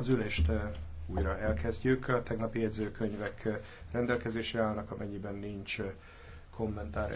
Az ülést eh, újra elkezdjük. A tegnapi jegyzőkönyvek eh, rendelkezésre állnak, amennyiben nincs eh, kommentár